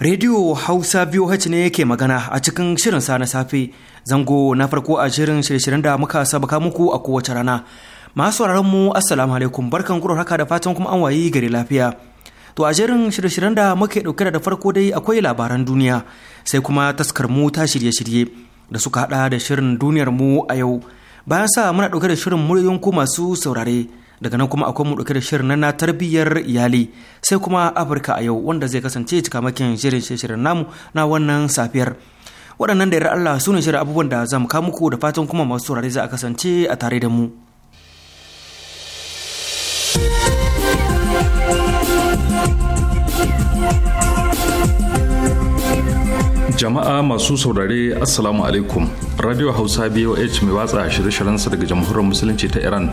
Rediyo Hausa biyu VOH ne yake magana a cikin shirin sa na safe zango na farko a shirin shirye-shiryen da muka sabaka muku a kowace rana. Masu mu Assalamu alaikum barkan kuro haka da fatan kuma an wayi gari lafiya. To a shirin shirye-shiryen da muke ɗauke da farko dai akwai labaran duniya sai kuma taskar mu ta shirye-shirye da suka hada da shirin duniyar mu a yau. Bayan sa muna ɗauke da shirin muryoyin ku masu saurare daga nan kuma akwai mu dauke da shirin na tarbiyyar iyali sai kuma afirka a yau wanda zai kasance cikamakin shirin shirin namu na wannan safiyar waɗannan da Allah su ne shirin abubuwan da za mu kawo muku da fatan kuma masu saurari za a kasance a tare da mu jama'a masu saurare assalamu alaikum radio hausa boh mai watsa shirye-shiryensa daga jamhuriyar musulunci ta iran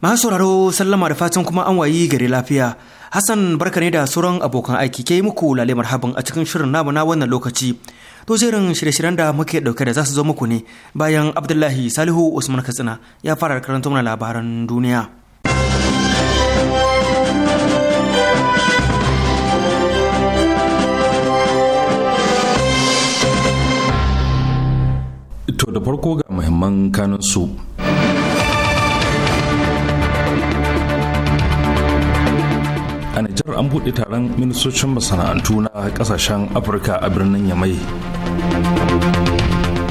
masu sauraro sallama da fatan kuma an wayi gari lafiya hassan barka ne da sauran abokan aiki ke yi muku lale marhaban a cikin shirin namu na wannan lokaci to jerin shirye-shiryen da muke dauke da za su zo muku ne bayan abdullahi salihu usman katsina ya fara karanta mana labaran duniya To da farko ga muhimman kanunsu. su a Nijar an buɗe taron ministocin masana'antu na ƙasashen Afirka a birnin Yamai.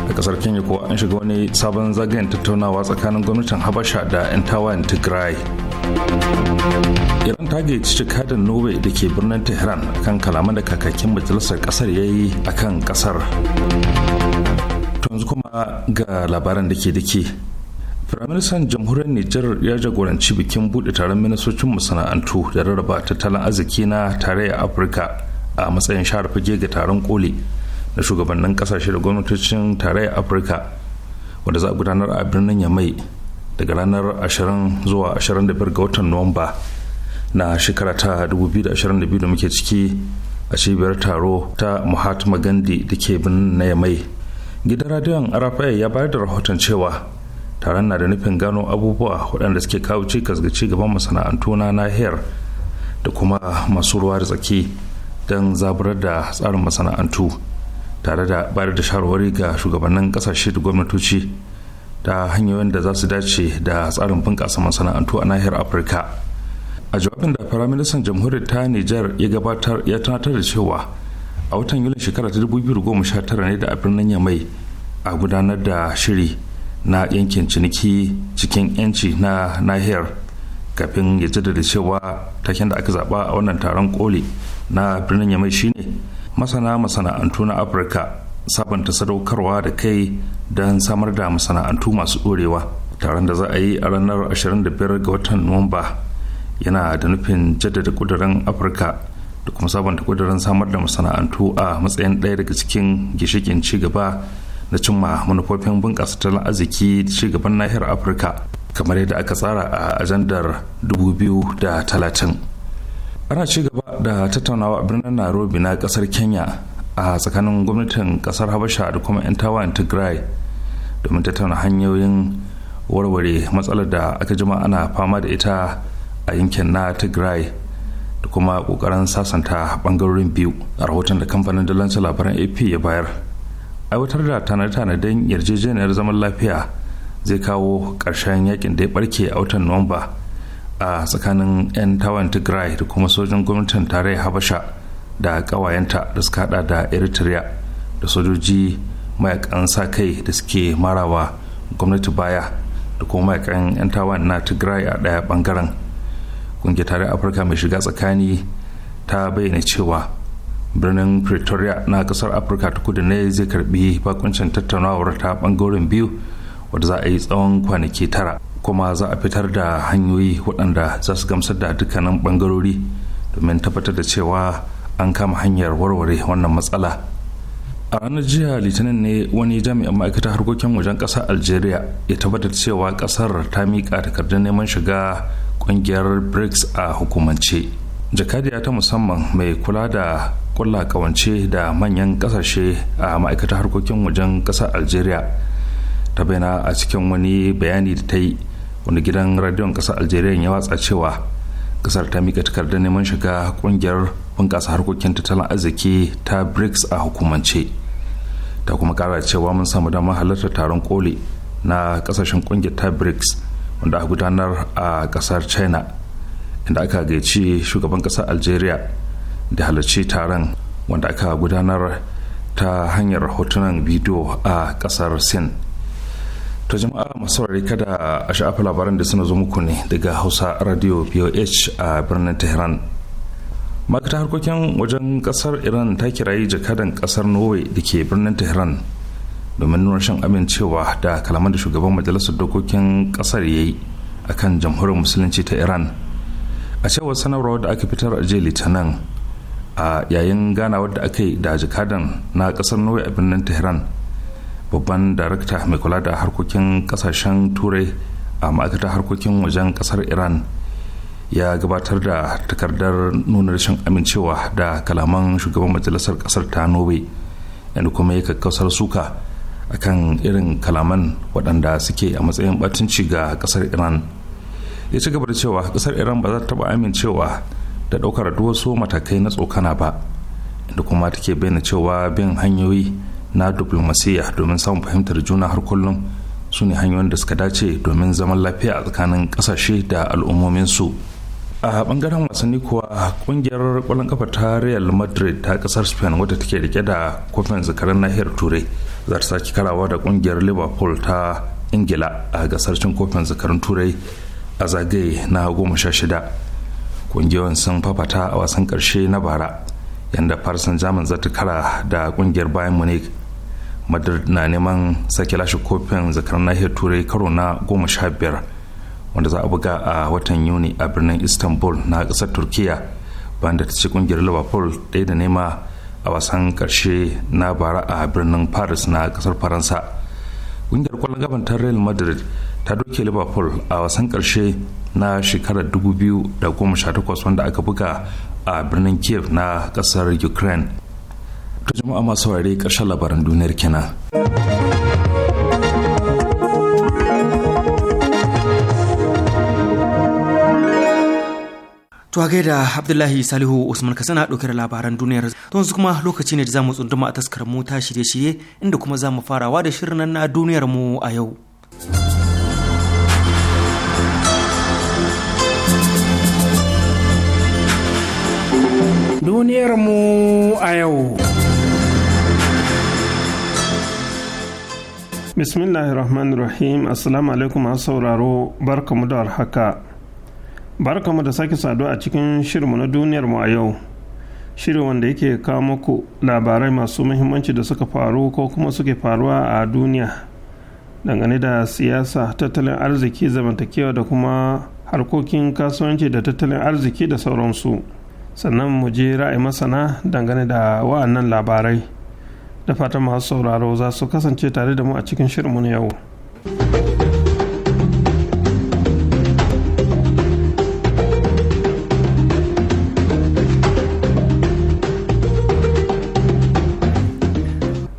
A ƙasar Kenya kuwa an shiga wani sabon zagayen tattaunawa tsakanin gwamnatin Habasha da 'yan tawayen Tigray. Iran ta gayyaci jikadin Norway da ke birnin Tehran kan kalaman da kakakin majalisar ƙasar ya yi a kan ƙasar. yanzu kuma ga labaran da ke da ke. firaministan jamhuriyar nijar ya jagoranci bikin buɗe taron ministocin masana'antu da rarraba tattalin arziki na tarayyar afirka a matsayin shahar fage ga taron koli na shugabannin kasashe da gwamnatocin tarayyar afirka wanda za a gudanar a birnin yamai daga ranar 20 zuwa 25 ga watan nuwamba na shekara ta 2022 da muke ciki a cibiyar taro ta mahatma gandhi da ke birnin na yamai gidan radiyon arafai ya bayar da rahoton cewa taron na da nufin gano abubuwa waɗanda suke kawo cikas ga cigaban masana'antu na nahiyar da kuma masu ruwa da tsaki don zaburar da tsarin masana'antu tare da bayar da shawarwari ga shugabannin kasashe da gwamnatoci ta hanyoyin da za su dace da tsarin bunƙasa masana'antu a nahiyar afirka a jawabin da firaministan jamhuriyar ta nijar ya gabatar ya tunatar da cewa a watan yulin shekara ta 2019 ne da a birnin yamai a gudanar da shiri na yankin ciniki cikin 'yanci na nahiyar kafin ya jaddada cewa taken da aka zaba a wannan taron koli na birnin yamai shine masana masana'antu na afirka sabanta sadaukarwa da kai don samar da masana'antu masu ɗorewa taron da za a yi a ranar 25 ga watan nuwamba yana da nufin jaddada kudurin afirka da kuma sabanta kudurin samar da masana'antu a matsayin ɗaya daga cikin gishikin ci gaba na cimma manufofin bunƙasa tattalin arziki da cigaban nahiyar afirka kamar yadda aka tsara a ajandar 2030 ana ci gaba da tattaunawa a birnin nairobi na ƙasar kenya a tsakanin gwamnatin ƙasar habasha da kuma 'yan tawayen tigray domin tattauna hanyoyin warware matsalar da aka jima ana fama da ita a yankin na tigray da kuma ƙoƙarin sasanta bangarorin biyu a rahoton da kamfanin dalancin labaran ap ya bayar aiwatar da tanade yarjejeniyar zaman lafiya zai kawo ƙarshen yakin da ya barke a watan nuwamba a tsakanin 'yan tawan tigray da kuma sojin gwamnatin tarayyar habasha da ƙawayenta da suka hada da eritrea da sojoji mayakan sa kai da suke marawa gwamnati baya da kuma mayakan 'yan tawan na tigray a ɗaya bangaren ƙungiyar tarayyar afirka mai shiga tsakani ta bayyana cewa birnin pretoria na kasar afirka ta kudu ne zai karbi bakuncin tattaunawar ta bangaren biyu wadda za a yi tsawon kwanaki tara kuma za a fitar da hanyoyi waɗanda za su gamsar da dukkanin bangarori domin tabbatar da cewa an kama hanyar warware wannan matsala a ranar jiya litinin ne wani jami'an ma'aikatar harkokin wajen ƙasar algeria ya tabbatar cewa ƙasar ta miƙa takardun neman shiga ƙungiyar brics a hukumance jakadiya ta musamman mai kula da kulla kawance da manyan kasashe a ma'aikatar harkokin wajen ƙasar algeria ta bayyana a cikin wani bayani da ta yi wani gidan radiyon ƙasar algeria ya watsa cewa ƙasar ta mika takardar neman shiga ƙungiyar bunƙasa harkokin tattalin arziki ta brics a hukumance ta kuma kara cewa mun samu damar halartar taron koli na ƙasashen ƙungiyar ta brics wanda a gudanar a ƙasar china inda aka gaici shugaban ƙasar algeria da halarci taron wanda aka gudanar ta hanyar hotunan bidiyo a kasar sin to jama'a masu kada a sha'afa labaran da suna zo muku ne daga hausa radio boh a birnin tehran makata harkokin wajen kasar iran ta kirayi jakadan kasar norway da ke birnin tehran domin nuna shan amincewa da kalaman da shugaban majalisar dokokin kasar ya yi a kan jamhuriyar musulunci ta iran a cewar sanarwar da aka fitar a jiya litinin a yayin gana da aka yi da jikadan na kasar norway a birnin tehran babban darakta mai kula da harkokin kasashen turai a ma'aikatar harkokin wajen kasar iran ya gabatar da takardar nuna rashin amincewa da kalaman shugaban majalisar kasar ta norway yadda kuma ya kakkausar suka akan irin kalaman waɗanda suke a matsayin batunci ga kasar iran ya ci gaba da cewa kasar iran ba za ta taba amincewa da ɗaukar wasu matakai na tsokana ba inda kuma take bayyana cewa bin hanyoyi na diplomasiya domin samun fahimtar juna har kullum su ne hanyoyin da suka dace domin zaman lafiya a tsakanin ƙasashe da al'ummominsu a bangaren wasanni kuwa ƙungiyar kwallon kafa ta real madrid ta ƙasar spain wadda take rike da kofin zakarin nahiyar turai za ta sake karawa da ƙungiyar liverpool ta ingila a gasar cin kofin zakarun turai a zagaye na goma sha shida ƙungiyoyin sun fafata a wasan karshe na bara yadda farsan jamus za ta kara da kungiyar bayan munich madrid na neman sake lashe kofin zakar nahiyar turai karo na goma sha biyar wanda za a buga a watan yuni a birnin istanbul na kasar turkiya banda ta ci kungiyar liverpool ɗaya da nema a wasan karshe na bara a birnin paris na kasar faransa kungiyar kwallon gaban real madrid ta doke liverpool a wasan karshe na shekarar 2018 wanda aka buga a birnin kiev na kasar ukraine ta jama'a masu ware karshen labaran duniyar kenan To gai da Abdullahi Salihu Usman ka sana ɗauke da labaran duniyar. To yanzu kuma lokaci ne da za mu tsunduma a taskar mu ta shirye-shirye inda kuma za mu farawa da shirin na duniyar mu a yau. Duniyarmu a yau. rahim Assalamu alaikum masu sauraro barkamu da warhaka. Barkamu da sake saduwa a cikin shirinmu na duniyarmu a yau. Shirin wanda yake kawo muku labarai masu muhimmanci da suka faru ko kuma suke faruwa a duniya dangane da siyasa, tattalin arziki, zamantakewa da kuma harkokin kasuwanci da tattalin arziki da sauransu. sannan mu je ra'ayi masana dangane da wa'annan labarai da fatan masu sauraro za su kasance tare da mu a cikin shirinmu na yau.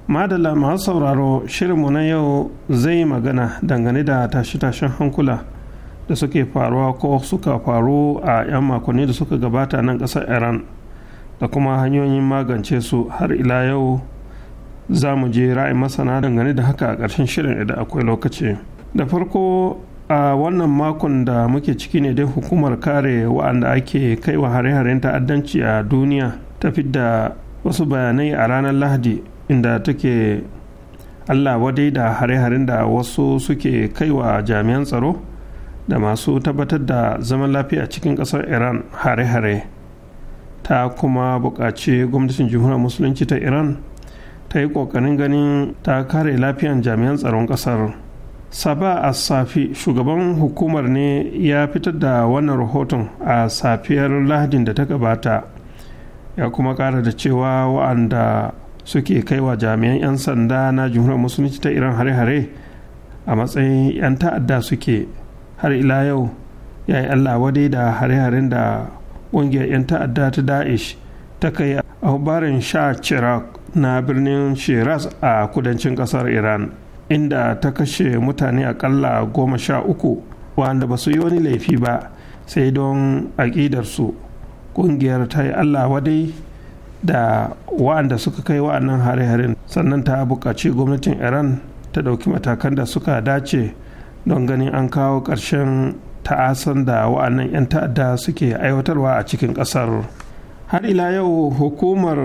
madalla masu sauraro shirinmu na yau zai magana dangane da tashe-tashen hankula da suke faruwa ko suka faru a 'yan makonni da suka gabata nan ƙasar iran da kuma hanyoyin magance su har ila yau za mu je ra'ayin masana dangane da haka a ƙarshen shirin idan akwai lokaci da farko a wannan makon da muke ciki ne dai hukumar kare wa'anda ake kai wa hare-haren ta'addanci a duniya ta da wasu bayanai a ranar lahadi inda take allah wadai da hare-haren da wasu suke kaiwa jami'an tsaro da masu tabbatar da zaman lafiya cikin ƙasar iran hare-hare ta kuma buƙaci gwamnatin jamhuriyar musulunci ta iran ta yi ƙoƙarin ganin ta kare lafiyan jami'an tsaron ƙasar saba a safi shugaban hukumar ne ya fitar da wannan rahoton a safiyar lahadin da ta gabata ya kuma ƙara da cewa wa'anda suke kaiwa jami'an 'yan sanda na jamhuriyar musulunci ta iran hare-hare a matsayin 'yan ta'adda suke har ila yau ya yi allah wadai da hare-haren da ƙungiyar 'yan ta'adda ta da'ish ta kai a hubarin sha chirag na birnin shiraz a kudancin ƙasar iran inda ta kashe mutane aƙalla goma sha uku wanda ba su yi wani laifi ba sai don aƙidarsu ƙungiyar ta yi allah wadai da wa'anda suka kai wa'annan hare-haren sannan ta buƙaci gwamnatin iran ta ɗauki matakan da suka dace don ganin an kawo ƙarshen ta'asan da wa'annan 'yan ta'adda suke aiwatarwa a cikin ƙasar har ila yau hukumar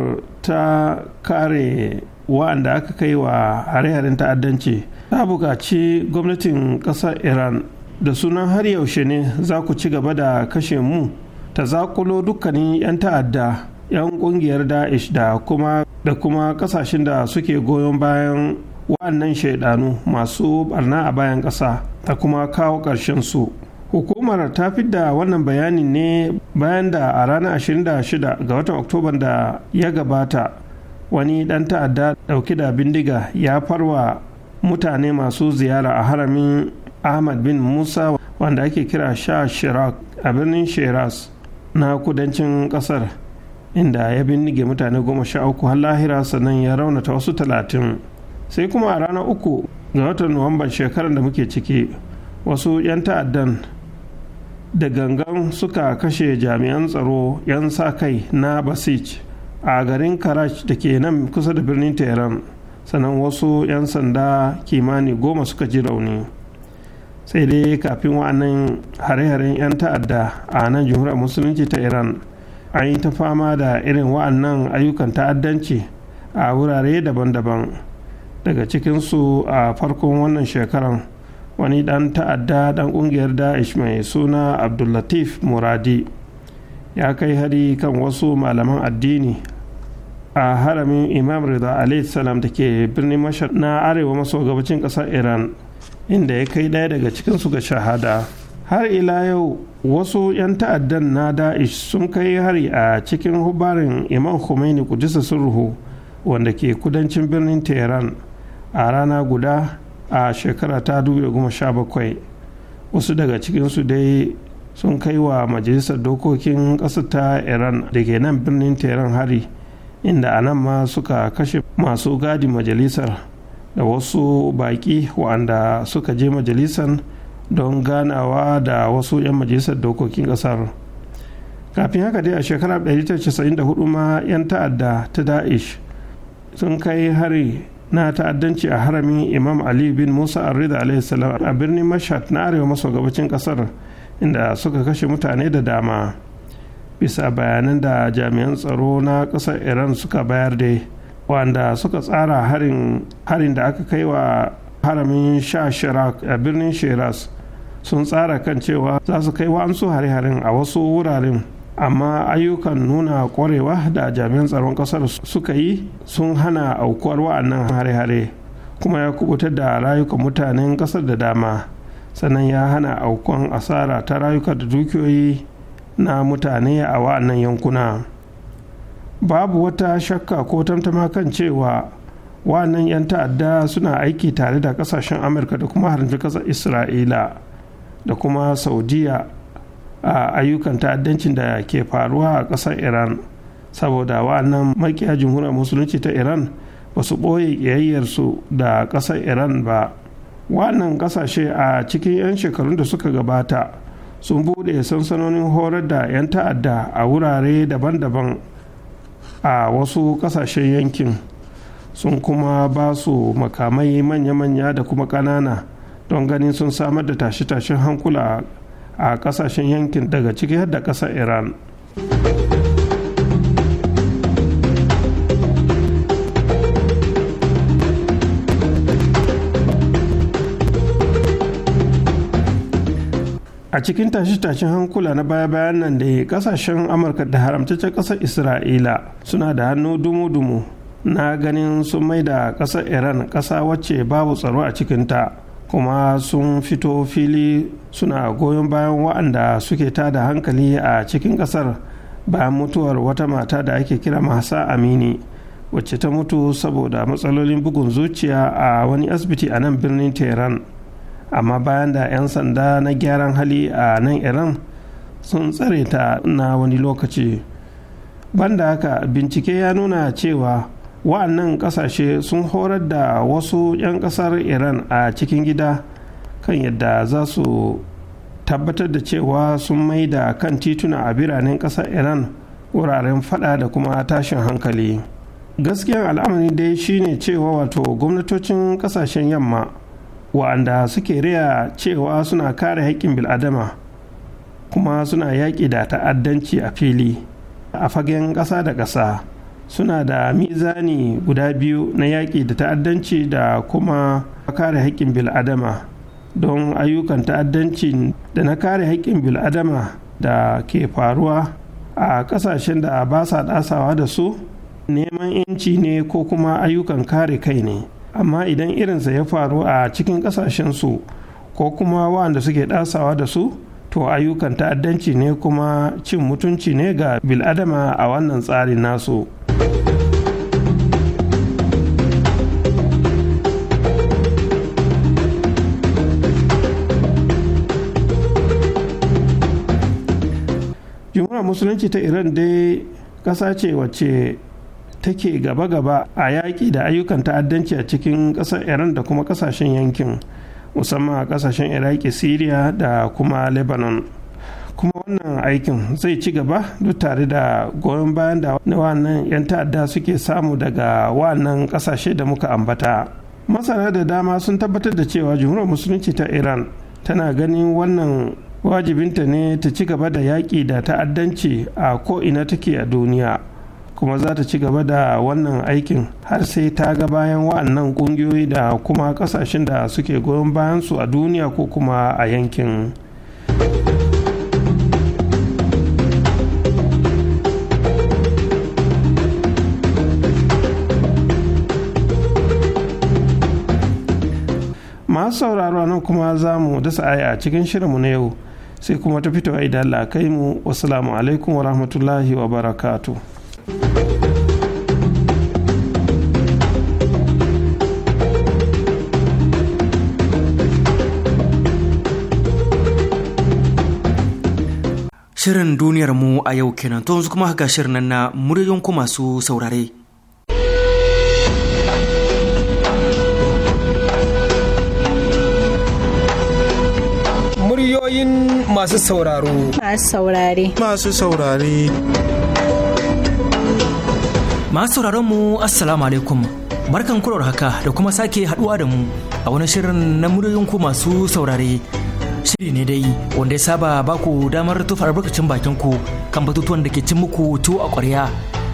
ta kare wa'anda aka kai wa hare-haren ta'addanci ta buƙaci gwamnatin ƙasar iran da sunan har yaushe ne za ku ci gaba da kashe mu ta zakulo dukkanin 'yan ta'adda 'yan ƙungiyar da'ish da kuma da kuma ƙasashen da suke goyon bayan wa'annan shaidanu masu barna a bayan ƙasa ta kuma kawo ƙarshen su hukumar ta fi da wannan bayani ne bayan da a ranar 26 ga watan oktoba da ya gabata wani ɗan ta'adda ɗauke da bindiga ya farwa mutane masu ziyara a haramin ahmad bin musa wanda ake kira sha shirak a birnin shiraz na kudancin ƙasar inda ya bindige mutane goma sha uku har lahira sannan ya raunata wasu talatin sai kuma a ranar uku ga watan nuwamban shekarar da muke ciki wasu 'yan ta'addan da gangan suka kashe jami'an tsaro 'yan sa kai na basij a garin karaj da ke nan kusa da birnin tehran sannan wasu 'yan sanda kimani goma suka ji rauni sai dai kafin wa'annan hare-haren 'yan ta'adda a nan jamhuriyar musulunci ta iran an yi ta fama da irin wa'annan ayyukan ta'addanci a wurare daban-daban daga cikinsu a farkon wannan shekaran wani dan ta'adda dan ƙungiyar da'ish mai suna abdullatif muradi ya kai hari kan wasu malaman addini a haramin imam rida salam da ke birnin mashar na arewa maso gabacin ƙasar iran inda ya kai ɗaya daga cikinsu ga shahada har ila yau wasu 'yan ta'addan na da'ish sun kai hari a cikin hubarin imam khomeini kudisa sulhu wanda ke kudancin birnin tehran a rana guda a shekara ta 2017 wasu daga cikinsu dai sun kai wa majalisar dokokin ƙasar ta iran da ke nan birnin teran hari inda a nan ma suka kashe masu gadi majalisar da wasu baƙi wa'anda suka je majalisar don ganawa da wasu 'yan majalisar dokokin ƙasar kafin haka dai a shekarar 1994 ma 'yan ta'adda ta da'ish sun kai hari na ta'addanci a haramin imam ali bin musa arrida alaihissalam a birnin mashhad na arewa maso gabacin kasar inda suka kashe mutane da dama bisa bayanan da jami'an tsaro na kasar iran suka bayar da wanda suka tsara harin da aka kai wa haramin sha shirak a birnin shiraz sun tsara kan cewa za su kai wa an su hare-haren a wasu wuraren amma ayyukan nuna kwarewa da jami'an tsaron kasar suka yi sun hana aukuwar wa'annan hare-hare kuma ya kubutar da rayukan mutanen kasar da dama sannan ya hana aukuwan asara ta rayuka da dukiyoyi na mutane a wa'annan yankuna babu wata shakka ko tamtama kan cewa wa'annan 'yan ta'adda suna aiki tare da kasashen amurka da kuma harin kasar isra'ila da kuma saudiya a ayyukan ta'addancin da ke faruwa a ƙasar iran saboda wa'annan makiya jamhuriyar musulunci ta iran ba su ɓoye ƙiyayyarsu da ƙasar iran ba wannan ƙasashe a cikin 'yan shekarun da suka gabata sun buɗe sansanonin horar da 'yan ta'adda a wurare daban-daban a wasu ƙasashen yankin sun kuma ba su makamai manya-manya da kuma ƙanana don ganin sun samar da tashe-tashen hankula a kasashen yankin daga ciki har da ƙasar iran a cikin tashe-tashen hankula na baya-bayan nan da kasashen amurka da haramtaccen ƙasar isra'ila suna da hannu dumu-dumu na ganin sun mai da ƙasar iran ƙasa wacce babu tsaro a cikinta kuma sun fito fili suna goyon bayan wa'anda suke ta da hankali a cikin ƙasar, bayan mutuwar wata mata da ake kira masa amini wacce ta mutu saboda matsalolin bugun zuciya a wani asibiti a nan birnin tehran amma bayan da 'yan sanda na gyaran hali a nan iran sun tsare ta na wani lokaci banda haka bincike ya nuna cewa wa'annan kasashe sun horar da wasu 'yan kasar iran a cikin gida kan yadda za su tabbatar da cewa sun da kan tituna a biranen kasar iran wuraren fada da kuma tashin hankali gaskiyar al'amari dai shine cewa wato gwamnatocin kasashen yamma wa'anda suke riya cewa suna kare haƙƙin bil'adama kuma suna yaƙi da ta'addanci a fili a fagen ƙasa da ƙasa suna da mizani guda biyu na yaƙi da ta'addanci da kuma kare haƙƙin bil'adama don ayyukan ta'addanci da na kare haƙƙin bil'adama da ke faruwa a ƙasashen da ba sa ɗasawa da su neman 'yanci ne ko kuma ayyukan kare kai ne amma idan irinsa ya faru a cikin ƙasashensu ko kuma waɗanda suke ɗasawa da su to ayyukan ta'addanci ne kuma cin mutunci ne ga bil'adama a wannan tsarin nasu musulunci ta iran dai ƙasa ce wacce take gaba-gaba a yaƙi da ayyukan ta'addanci a cikin ƙasar iran da kuma ƙasashen yankin musamman a ƙasashen iraki syria da kuma lebanon kuma wannan aikin zai ci gaba duk tare da goyon bayan da wannan 'yan ta'adda suke samu daga wannan ƙasashe da muka ambata masana da dama sun tabbatar da cewa jumhuriyar musulunci ta iran tana ganin wannan wajibinta ne ta ci gaba da yaƙi da ta'addanci a ko'ina take a duniya kuma za ta ci gaba da wannan aikin har sai ta ga bayan wa'annan ƙungiyoyi da kuma ƙasashen da suke goyon su a duniya ko kuma a yankin masu sauraro nan kuma za mu dasa aya a cikin shirinmu na yau sai kuma ta fito idan Allah kai mu wasalamu alaikum wa rahmatullahi wa barakatu. Shirin duniyar mu a yau kenan to yanzu kuma haka shirin nan na muryoyin ku masu saurare. masu sauraro. Masu saurare. Masu saurare. Masu sauraron mu Assalamu alaikum. Barkan kurar haka da kuma sake haduwa da mu a wani shirin na muryoyin ku masu saurare. Shiri ne dai wanda ya saba baku damar tufa albarkacin bakin ku kan batutuwan da ke cin muku tuwo a ƙwarya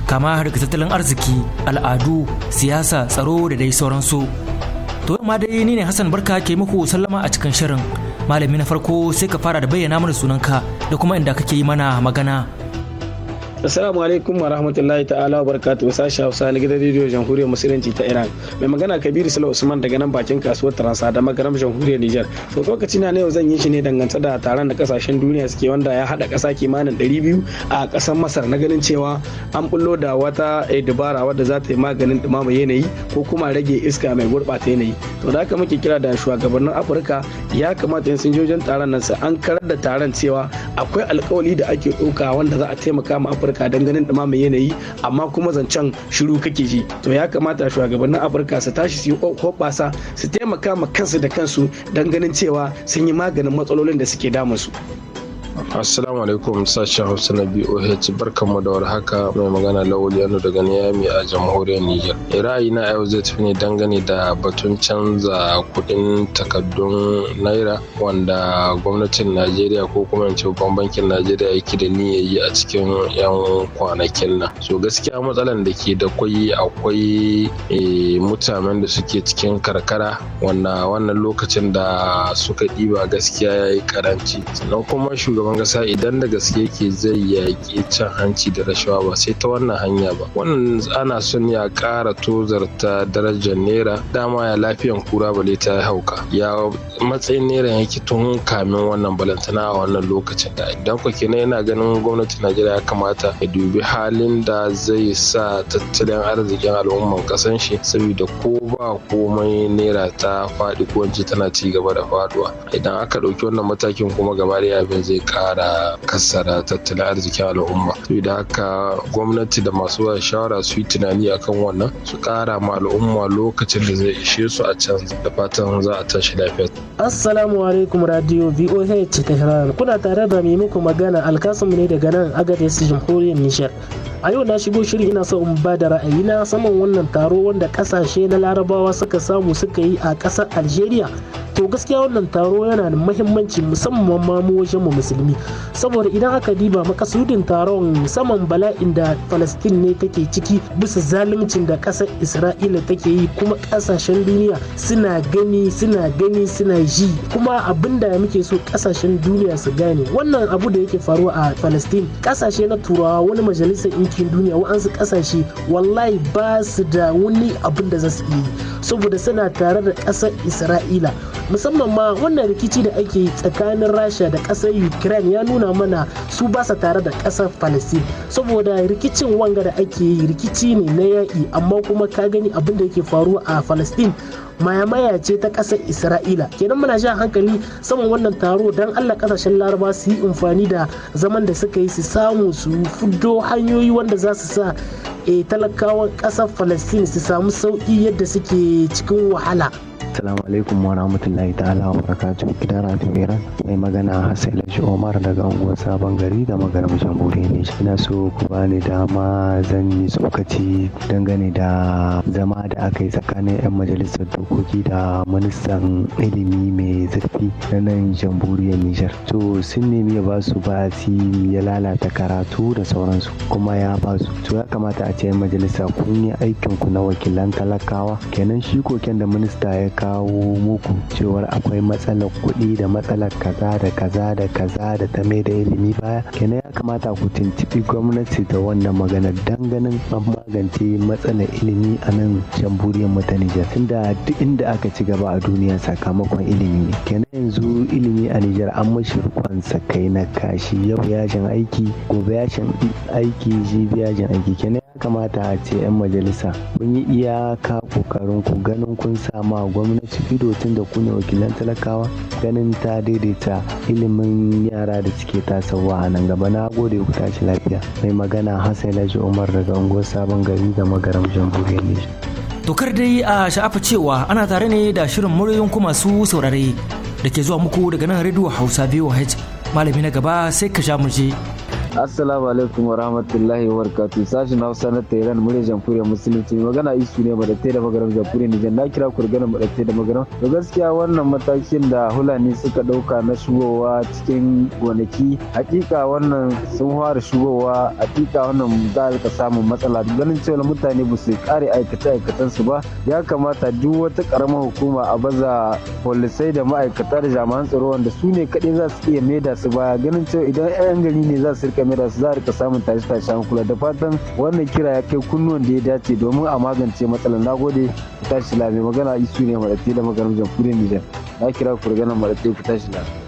kama daga tattalin arziki, al'adu, siyasa, tsaro da dai sauransu. To ma dai ni ne Hassan Barka ke muku sallama a cikin shirin. malami na farko sai ka fara da bayyana mana sunanka da kuma inda kake yi mana magana Assalamu alaikum wa rahmatullahi ta'ala wa barakatuh sashi Hausa na gidan rediyo Jamhuriyar Musulunci ta Iran. Mai magana Kabiru Sula Usman daga nan bakin kasuwar Taransa da magaram Jamhuriyar Nijar. To lokaci na yau zan yi shi ne dangantse da taron da kasashen duniya suke wanda ya hada kasa kimanin 200 a kasar Masar na ganin cewa an bullo da wata eh, dabara wadda za ta yi maganin dumama yanayi ko kuma rage iska mai gurbata yanayi. To da haka muke kira da shugabannin Afirka ya kamata yin sinjojin taron nan su an karar da taron cewa akwai alkawali da ake ɗauka wanda za a taimaka ma afirka don ganin ɗumama yanayi amma kuma zancen shiru kake ji to ya kamata shugabannin afirka su tashi su yi hoɓasa su taimaka ma kansu da kansu don ganin cewa sun yi maganin matsalolin da suke damunsu. su Assalamu alaikum sashen Hausa na BOH barkanmu da warhaka mai magana Lawal Yano daga Niyami a jamhuriyar Niger. na yau zai tafi ne dangane da batun canza kuɗin takardun naira wanda gwamnatin Najeriya ko kuma in ce bankin Najeriya yake da niyya yi a cikin 'yan kwanakin nan. So gaskiya matsalan da ke da kwai akwai eh, mutanen da suke cikin karkara wanda wannan lokacin da suka ɗiba gaskiya ya yi karanci. Sannan kuma shugaban shugaban kasa idan da gaske yake zai yaƙi cin hanci da rashawa ba sai ta wannan hanya ba wannan ana son ya ƙara tozarta darajar naira dama ya lafiyan kura bale ta hauka ya matsayin naira yake tun kamin wannan balantana a wannan lokacin da idan ku kenan yana ganin gwamnatin najeriya ya kamata ya dubi halin da zai sa tattalin arzikin al'umman kasan shi saboda ko ba komai naira ta faɗi ko tana ci gaba da faduwa idan aka ɗauki wannan matakin kuma gaba da abin zai kara kassara tattalin arzikin al'umma to da haka gwamnati da masu ba shawara su yi tunani akan wannan su kara ma al'umma lokacin da zai ishe su a can da fatan za a tashi lafiya assalamu alaikum radio voh tehran kuna tare da mai muku magana alkasum ne daga nan agadez jamhuriyar nijar a yau na shigo shirin ina so in ba da ra'ayi na saman wannan taro wanda kasashe na larabawa suka samu suka yi a ƙasar algeria to gaskiya wannan taro yana da mahimmanci musamman ma mu wajen mu musulmi saboda idan aka diba makasudin taron saman bala'in da Palestine ne take ciki bisa zaluncin da ƙasar Isra'ila take yi kuma ƙasashen duniya suna gani suna gani suna ji kuma abin da muke so ƙasashen duniya su gane wannan abu da yake faruwa a Palestine ƙasashe na turawa wani majalisar ɗinkin duniya wa'ansu ƙasashe wallahi ba su da wani abin da za su yi saboda suna tare da ƙasar Isra'ila musamman ma wannan rikici da ake tsakanin rasha da ƙasar ukraine ya nuna mana su ba sa tare da kasar palestine saboda rikicin wanga da ake yi rikici ne na yaƙi amma kuma ka gani abin da yake faruwa a palestine mayamaya ce ta ƙasar isra'ila kenan muna sha hankali saman wannan taro don allah ƙasashen laraba su yi amfani da zaman da suka yi su samu su fuddo hanyoyi wanda za su sa eh, talakawan ƙasar palestine su samu sauki yadda suke cikin wahala Assalamu alaikum wa rahmatullahi ta'ala wa barakatuh gida Radio Iran mai magana Hassan Lashi Omar daga unguwar Sabon Gari da magaram Jamhuriyar Nijar. Ina so ku bani dama zan yi tsokaci dangane da zama da aka yi tsakanin 'yan majalisar dokoki da ministan ilimi mai zurfi na nan Jamhuriyar Nijar. To sun nemi ya ba su basi ya lalata karatu da sauransu kuma ya ba su. To ya kamata a ce majalisa kun yi aikin ku na wakilan talakawa kenan shi koken da minista ya kawo muku cewar akwai matsalar kuɗi da matsalar kaza da kaza da kaza da ta mai da ilimi baya kenan ya kamata ku tuntuɓi gwamnati da wannan magana dan ganin an magance matsalar ilimi a nan jamhuriyar mu ta Nijar tunda duk inda aka ci gaba a duniya sakamakon ilimi ne kenan yanzu ilimi a Nijar an mashi rukun sakai na kashi yau yajin aiki gobe yajin aiki jibi yajin aiki kenan kamata a ce 'yan majalisa mun yi iyaka kokarin ku ganin kun sama gwamnati ido tun da kuna wakilan talakawa ganin ta daidaita ilimin yara da suke tasawa a nan gaba na gode ku tashi lafiya mai magana hassan laji umar daga unguwar sabon gari da magaram jamhuriyar tokar dai a sha'afa cewa ana tare ne da shirin muryoyin ku masu saurare da ke zuwa muku daga nan rediyo hausa biyu h. malami na gaba sai ka sha mu Assalamu alaikum wa rahmatullahi wa barakatuh. Sashen Hausa na Tehran murya jamhuriyar Musulunci magana isu ne ba da tai da magaram jamhuriyar Nijar na kira ku magana da tai da magaram. To gaskiya wannan matakin da Hulani suka dauka na shugowa cikin gonaki hakika wannan sun fara shugowa hakika wannan za ka samun matsala ganin cewa mutane ba su kare aikace aikatan su ba ya kamata duk wata karamar hukuma a baza polisai da ma'aikata da jami'an tsaro wanda su ne kaɗai za su iya maida su baya ganin cewa idan 'yan gari ne za su rika cameras za a rika samun tashi shan kula da fatan wannan kira ya kai kunnuwan da ya dace domin a magance matsalar nagode ta tashi lafiya magana isu ne maɗaɗe da maganar jamhuriyar Nijar na kira ku daga nan maɗaɗe ku tashi lafiya.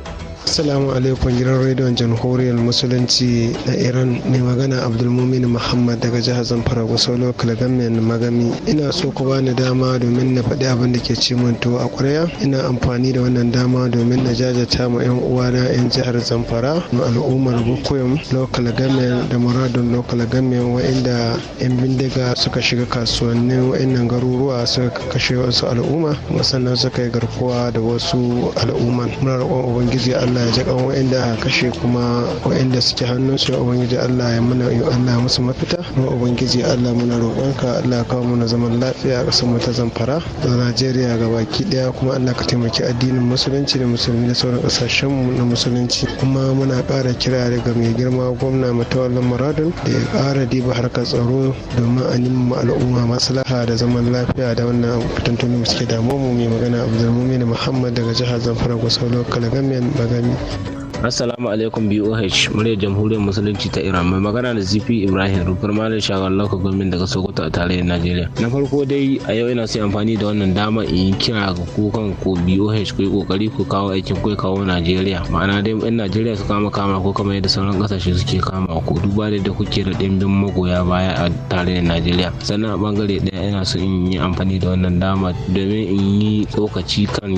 Assalamu alaikum gidan rediyon jamhuriyar musulunci na Iran mai magana Abdulmumin Muhammad daga jihar Zamfara Gusolo Kalgamen Magami. Ina so ku bani dama domin na faɗi abin da ke ci to a ƙwarya. Ina amfani da wannan dama domin na jajata ma 'yan uwana 'yan jihar Zamfara na al'ummar Bukuyum Local Government da Muradun Local Government wa'inda 'yan bindiga suka shiga kasuwannin wa'innan garuruwa suka kashe wasu al'umma sannan suka yi garkuwa da wasu al'umman. Muna roƙon Ubangiji Allah Allah ya jakan wa'anda a kashe kuma wa'anda suke su ya ubangiji Allah ya muna yi Allah musu mafita kuma ubangiji Allah muna roƙonka Allah ka kawo muna zaman lafiya a kasar mu ta Zamfara da Najeriya gabaki daya kuma Allah ka taimaki addinin musulunci da musulmi da sauran ƙasashen mu na musulunci kuma muna ƙara kira daga mai girma gwamna matawallan muradun da ya ƙara diba harkar tsaro domin a nima al'umma maslaha da zaman lafiya da wannan fitantoni suke damu mu mai magana Abdulmumin Muhammad daga jihar Zamfara Gwasau Lokal Gamiyan Bagami Amen. Assalamu alaikum BOH muryar jamhuriyar musulunci ta Iran mai magana da ZP Ibrahim Rufar Malam shagon Lauka Gwamnati daga Sokoto a tarayyar Najeriya. Na farko dai a yau ina son amfani da wannan dama in yi kira ga kukan ko BOH ku yi kokari ku kawo aikin ku kawo Najeriya. Ma'ana dai in Najeriya su kama kama ko kamar yadda sauran kasashe suke kama ku duba da kuke da dimbin magoya baya a tarayyar Najeriya. Sannan a bangare ɗaya ina so in yi amfani da wannan dama domin in yi tsokaci kan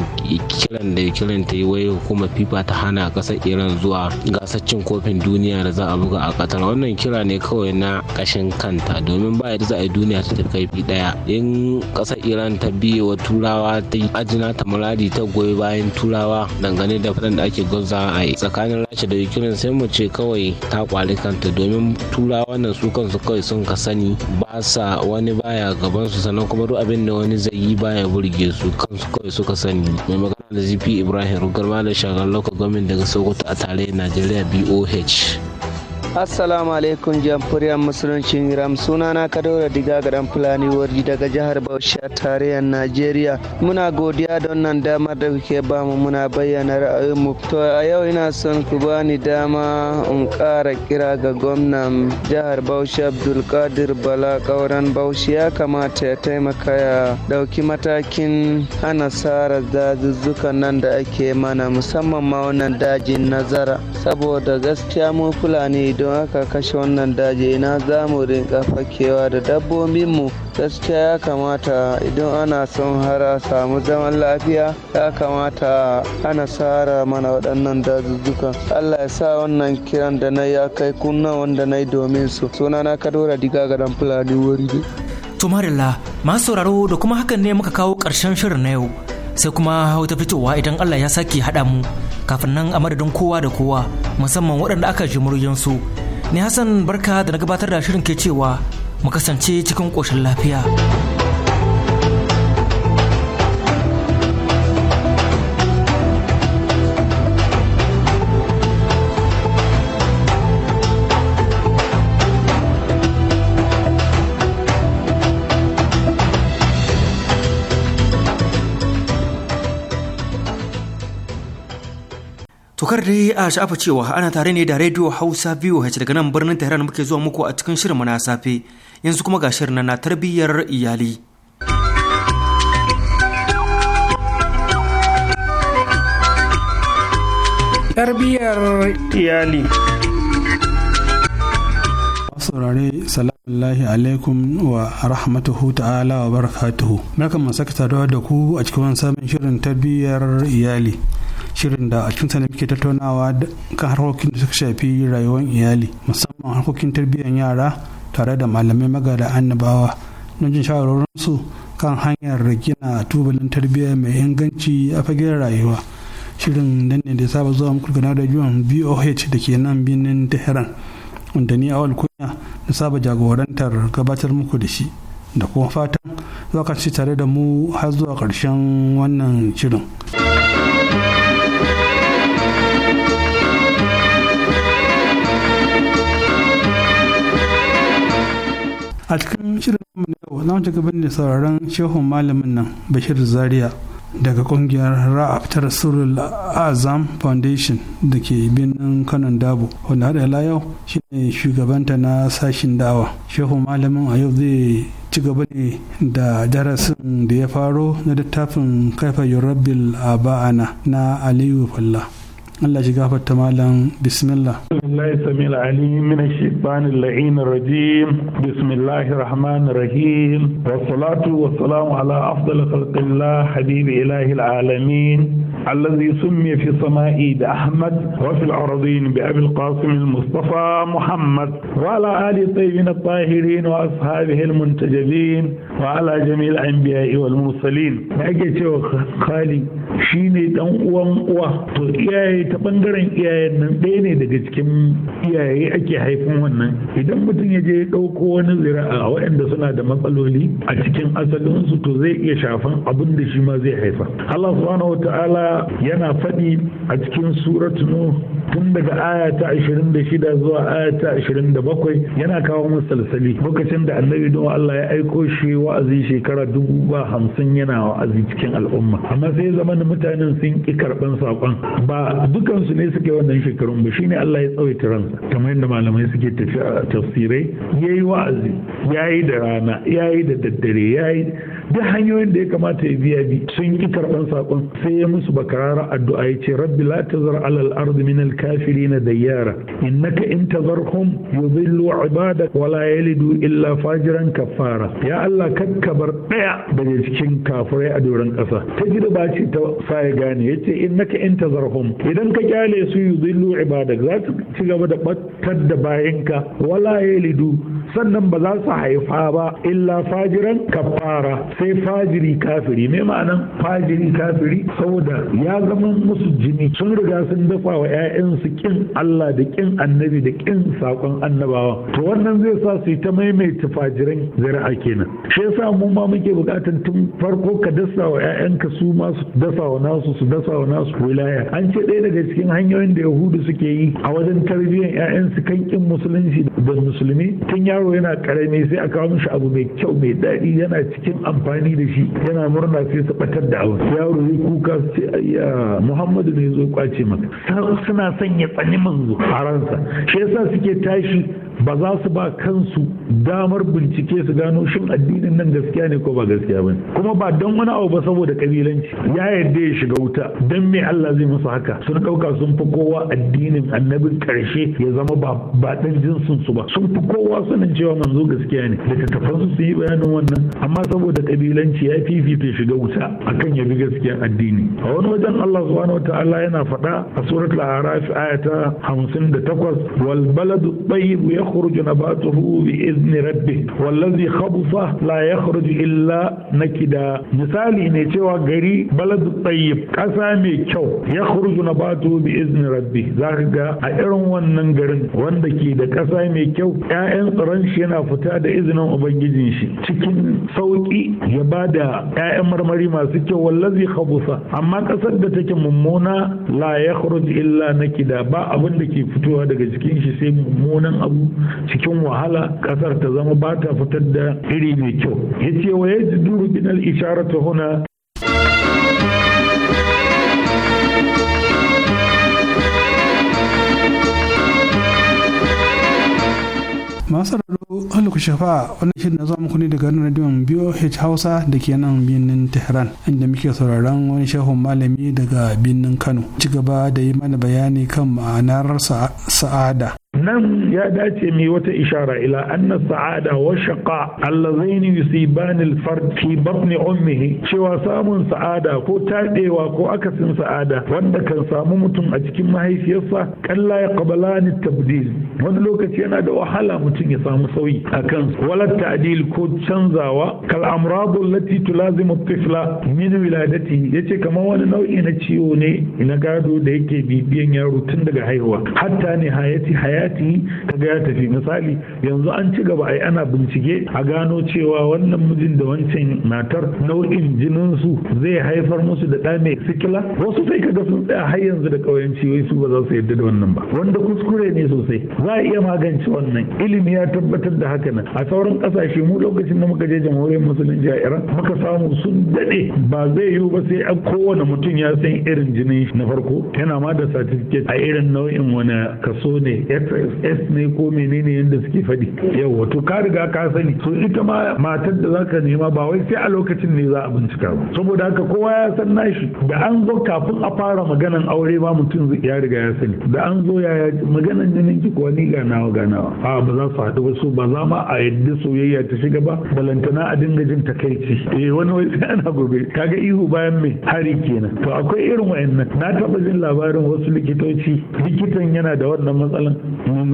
kiran da kiran ta yi wai hukumar FIFA ta hana kasar iran zuwa gasar cin kofin duniya da za a buga a qatar wannan kira ne kawai na kashin kanta domin ba yadda za a yi duniya ta kaifi daya in kasar iran ta biye wa turawa ta yi ajina ta muradi ta goyi bayan turawa dangane da fadan da ake gwazza a yi tsakanin rasha da ukraine sai mu ce kawai ta kwali kanta domin turawa nan su kansu kawai sun ka sani ba sa wani baya gaban su sannan kuma duk abin da wani zai yi baya burge su kansu kawai suka sani mai magana da zifi ibrahim rugar ma da shagar lokacin gwamnati daga sokoto a tare Najeriya BOH. assalamu alaikum jamhuriyar musuluncin iram sunana da diga ga dan fulani wari daga jihar bauchi tarayyar najeriya muna godiya don nan damar da kuke bamu muna bayyana ra'ayinmu to a yau ina son ku bani dama in ƙara kira ga gwamnan jihar bauchi abdulkadir bala kauran bauchi ya kamata ya taimaka ya dauki matakin hana sara dazuzzukan nan da ake mana musamman ma wannan dajin nazara saboda gaskiya mu fulani don haka kashe wannan daji ina zamu mu rinka fakewa da dabbobinmu gaskiya ya kamata idan ana son hara samu zaman lafiya ya kamata ana sara mana waɗannan dazuzzuka allah ya sa wannan kiran da na ya kai kunna wanda na yi domin su sunana kadora diga ga dan fulani wuri to marilla masu sauraro da kuma hakan ne muka kawo ƙarshen shirin na yau sai kuma hau ta fitowa idan allah ya sake haɗa mu kafin nan a madadin kowa da kowa musamman waɗanda aka ji muryansu ni hassan barka da na gabatar da shirin ke cewa mu kasance cikin ƙoshin lafiya. Tukar da a sha'afa cewa ana tare ne da rediyo Hausa VOH daga nan birnin Tehran muke zuwa muku a cikin shirin na safe. Yanzu kuma ga shirin na tarbiyyar iyali. Tarbiyyar iyali. saurare salamullahi alaikum wa rahmatuhu ta'ala wa barakatuhu. Barkan masu saka da ku a cikin samun shirin tarbiyyar iyali. shirin da a cikinsa ne muke tattaunawa kan harkokin da suka shafi rayuwar iyali musamman harkokin tarbiyyar yara tare da malamai magada annabawa don jin shawarorinsu kan hanyar gina tubalin tarbiyya mai inganci a fagen rayuwa shirin nan ne da saba zuwa muku gana da juwan boh da ke nan birnin tehran wanda ni awal kunya da saba jagorantar gabatar muku da shi da kuma fatan za ka ci tare da mu har zuwa ƙarshen wannan shirin. a cikin shirin mu na yau zamu ci gaba da sauraron shehun malamin nan bashir zaria daga kungiyar ra'a ta rasulul azam foundation da ke birnin kanon dabo wanda har ila yau shine shugabanta na sashin dawa shehu malamin a yau zai ci gaba ne da darasin da ya faro na littafin kaifa yurabbil ba'ana na aliyu falla الله جاب التمالا بسم الله بسم الله السميع العليم من الشيطان اللعين الرجيم بسم الله الرحمن الرحيم والصلاة والسلام على أفضل خلق الله حبيب إله العالمين الذي سمي في السماء بأحمد وفي الأرضين بأبي القاسم المصطفى محمد وعلى آل الطيبين الطاهرين وأصحابه المنتجبين wa ala jami'il anbiya wal mursalin Ya ake cewa khali shine dan uwan uwa to iyaye ta bangaren iyayen nan ɗaya ne daga cikin iyaye ake haifin wannan idan mutum ya je ɗauko wani zira'a waɗanda suna da matsaloli a cikin asalin su to zai iya shafan abin da shi ma zai haifa Allah subhanahu yana faɗi a cikin suratu nuh tun daga aya ta 26 zuwa aya ta 27 yana kawo musalsali lokacin da annabi don Allah ya aiko shi wa'azi shekara dubu ba hamsin yana wa'azi cikin al'umma amma sai zama zamanin mutanen sun ƙi karɓan saƙon ba dukansu ne suke wannan shekarun ba shine Allah ya tsawaita ransa kamar yadda malamai suke tafi a tafsirai yayi wa'azi yayi da rana yayi da daddare yayi duk hanyoyin da ya kamata ya biya bi sun ki karɓar saƙon sai ya musu bakarara addu'a ya ce rabbi la tazar alal ardi min al na dayyara innaka in tazarhum yudhillu ibadak wa la yalidu illa fajiran kafara ya Allah kakkabar ɗaya daga cikin kafirai a doron ƙasa ta ji ba ce ta sa ya gane yace innaka in tazarhum idan ka kyale su yudhillu ibada za su ci gaba da battar da bayanka wala yalidu sannan ba za su haifa ba illa fajiran kafara sai fajiri kafiri me ma'anan fajiri kafiri saboda ya zama musu jini sun riga sun dafa wa 'ya'yansu kin Allah da kin annabi da kin sakon annabawa to wannan zai sa su yi ta maimaita fajiran zari'a kenan shi yasa mu ma muke bukatan tun farko ka dasa wa 'ya'yanka su ma su dasa wa nasu su dasa wa nasu wilaya an ce ɗaya daga cikin hanyoyin da yahudu suke yi a wajen tarbiyyar 'ya'yansu kan kin musulunci da musulmi tun yaro yana karami sai a kawo mishi abu mai kyau mai daɗi yana cikin amfani amfani da shi yana murna sai su batar da abu yaro zai kuka su ce ayya muhammadu ne zo kwace maka suna sanya tsani manzo a ransa shi yasa suke tashi ba za su ba kansu damar bincike su gano shin addinin nan gaskiya ne ko ba gaskiya ba kuma ba don wani abu ba saboda kabilanci ya yarda ya shiga wuta don me Allah zai musu haka sun ɗauka sun fi kowa addinin annabi karshe ya zama ba ɗan dan jinsin su ba sun fi kowa sanin cewa manzo gaskiya ne littattafan su yi bayanin wannan amma saboda kabilanci ya fifita shiga wuta akan ya bi gaskiyar addini a wani wajen Allah subhanahu wataala yana faɗa a suratul a'raf ayata 58 wal baladu tayyib يخرج نباته بإذن ربه والذي خبث لا يخرج إلا نكدا مثالي ne cewa gari baladu tayyib ƙasa mai kyau ya khurju nabatu bi izni rabbi zaka ga a irin wannan garin wanda ke da ƙasa mai kyau ƴaƴan tsaron shi yana fita da izinin ubangijin shi cikin sauƙi ya ba da ƴaƴan marmari masu kyau wallazi khabusa amma ƙasar da take mummuna la ya illa nakida ba abin da ke fitowa daga jikin shi sai mummunan abu cikin wahala kasar ta zama ba ta fitar da iri mai kyau yace wa duru min al ta huna masu Allah ku shafa wannan shirin na zuwa muku ne daga radiyon BOH Hausa da ke nan birnin Tehran inda muke sauraron wani shehun malami daga birnin Kano. Ci gaba da yi mana bayani kan ma'anar sa'ada. Nan ya dace mai wata ishara ila anna sa'ada wa shaqa allazaini yusiban al-fard fi batn ummihi cewa samun sa'ada ko tadewa ko akasin sa'ada wanda kan samu mutum a cikin mahaifiyarsa kalla ya ni tabdil wani lokaci yana da wahala mutum ya samu sauyi a kansu wala ta'dil ko canzawa kal amradu allati tulazimu tifla min wiladati yace kamar wani nau'i na ciwo ne na gado da yake bibiyan yaro tun daga haihuwa hatta ne hayati hayati kaga ya tafi misali yanzu an ci gaba ai ana bincike a gano cewa wannan mijin da wancan matar nau'in jinin su zai haifar musu da ɗa sikila wasu sai kaga sun tsaya har yanzu da kauyen wai su ba za su yadda da wannan ba wanda kuskure ne sosai za a iya magance wannan ilimi ya tabbata. tabbatar da haka nan a sauran kasashe mu lokacin da muka je jamhuriyar musulunci a iran muka samu sun dade ba zai yiwu ba sai a kowane mutum ya san irin jini na farko yana ma da certificate a irin nau'in wani kaso ne xss ne ko menene yadda suke faɗi yau to ka riga ka sani to ita ma matar da zaka nema ba wai sai a lokacin ne za a bincika ba saboda haka kowa ya san nashi da an zo kafin a fara maganan aure ba mutum ya riga ya sani da an zo yaya maganan jinin ki kuwa ni ga nawa a ba za su haɗu ba su ba za ma a yadda soyayya ta shiga ba balantana a dinga jin takaici eh wani wai sai ana gobe kaga ihu bayan mai hari kenan to akwai irin wayannan na taba jin labarin wasu likitoci likitan yana da wannan matsalan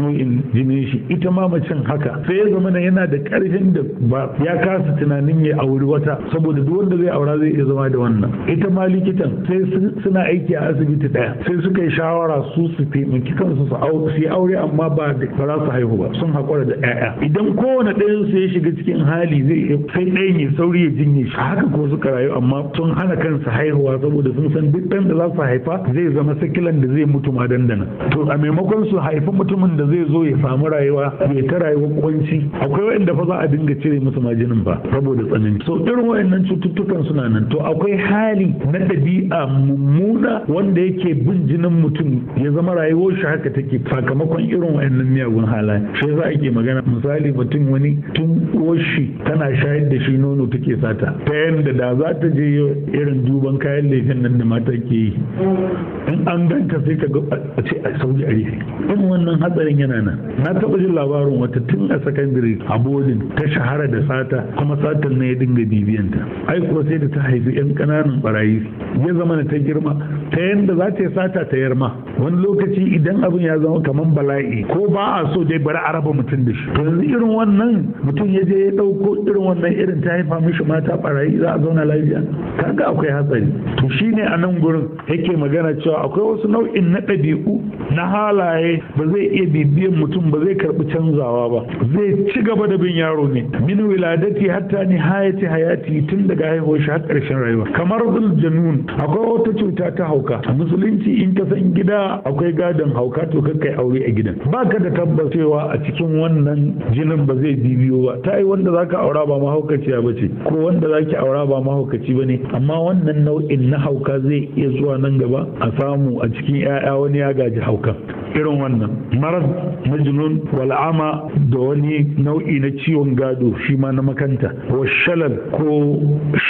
nau'in jini shi ita ma macen haka sai ya zama yana da karfin da ba ya kasa tunanin ya auri wata saboda duk wanda zai aura zai iya zama da wannan ita ma likitan sai suna aiki a asibiti daya sai suka yi shawara su su taimaki kansu su su aure amma ba da ba za su haihu ba sun haƙura da 'ya'ya idan kowane ɗayan su ya shiga cikin hali zai iya sai ɗayan ya sauri ya jinye shi haka ko suka rayu amma sun hana kansa haihuwa saboda sun san duk ɗan da za su haifa zai zama sakilan da zai mutu ma dandana to a maimakon su haifi mutumin da zai zo ya samu rayuwa ya ta rayuwa kwanci akwai wanda fa za a dinga cire musu majinin ba saboda tsanani so irin wa'annan cututtukan suna nan to akwai hali na ɗabi'a mummuna wanda yake bin jinin mutum ya zama rayuwar shi haka take sakamakon irin wa'annan miyagun halaye shi a ke magana misali mutum wani tun shi tana shayar da shi nono take sata ta yadda da za ta je irin duban kayan laifin nan da mata ke yi in an ganta sai ka ga a ce a sauji a rufe in wannan hatsarin yana nan na taɓa jin labarin wata tun a sakandare a bodin ta shahara da sata kuma satan na ya dinga bibiyanta ai kuwa sai da ta haifi yan kananan barayi ya zama ta girma ta yadda za ta yi sata ta yarma wani lokaci idan abin ya zama kamar bala'i ko ba a so dai bari a raba mutum da shi yanzu irin wannan mutum ya je ya ɗauko irin wannan irin ta haifa mishi mata barayi za a zauna lafiya kaga akwai hatsari to shine a nan gurin yake magana cewa akwai wasu nau'in na ɗabi'u na halaye ba zai iya bibiyan mutum ba zai karɓi canzawa ba zai ci gaba da bin yaro ne min wiladati hatta ni hayati tun daga haihuwar shi har ƙarshen rayuwa kamar janun akwai wata cuta ta hauka a musulunci in ka san gida akwai gadon hauka to kai aure a gidan Ba ka da tabbacewa a cikin wannan jinin ba zai bibiyo ba ta yi wanda zaka aura ba mahaukaciya ba ce ko wanda zaki aura ba mahaukaci ba ne amma wannan nau'in na hauka zai iya zuwa nan gaba a samu a cikin 'ya'ya wani ya gaji haukan irin wannan marar majnun wal'ama da wani nau'i na ciwon gado shi ma na makanta washalal ko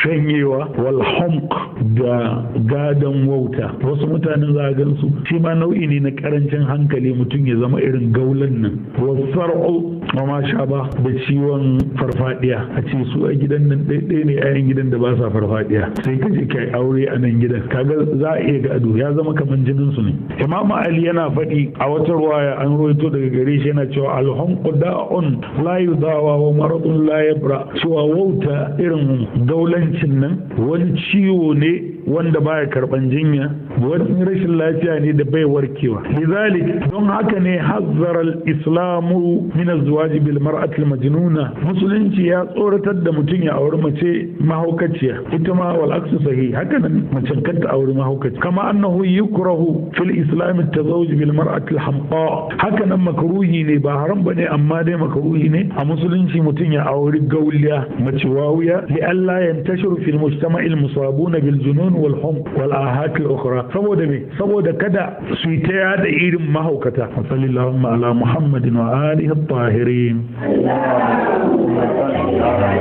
shanyewa walhonk da gadon wauta wasu mutanen za a gansu shi ma nau'i ne na karancin hankali mutum ya zama irin gaulan nan wasar'u ma sha ba da ciwon farfadiya a ce su a gidan nan ɗaiɗe ne ayan gidan da ba sa farfadiya sai ka je kai aure a nan gidan kaga za a iya gado ya zama kaman jinin su ne imam ali yana faɗi a wata ruwaya an roito daga gare shi yana cewa alhanqu da'un la yudawa wa maradun la yabra cewa wauta irin gaulancin nan wani ciwo ne wanda baya karban jinya wani rashin lafiya ne da bai warkewa lizalik don haka ne hazzaral islamu min azwaji bil mar'ati majnuna musulunci ya tsoratar da mutum ya auri mace mahaukaciya ita ma wal aksu sahih haka nan mace kanta auri mahaukaci kama annahu yukrahu fil islam at-tazawuj bil mar'ati al-hamqa haka nan makruhi ne ba haram bane amma dai makruhi ne a musulunci mutum ya auri gauliya mace wawiya li alla yantashiru fil mujtama'i musabuna bil junun الجنون والحم والآهات الأخرى سبو دمي سبو دكدا سويتيا دئير مهو كتا صلي اللهم على محمد وآله الطاهرين اللهم صل على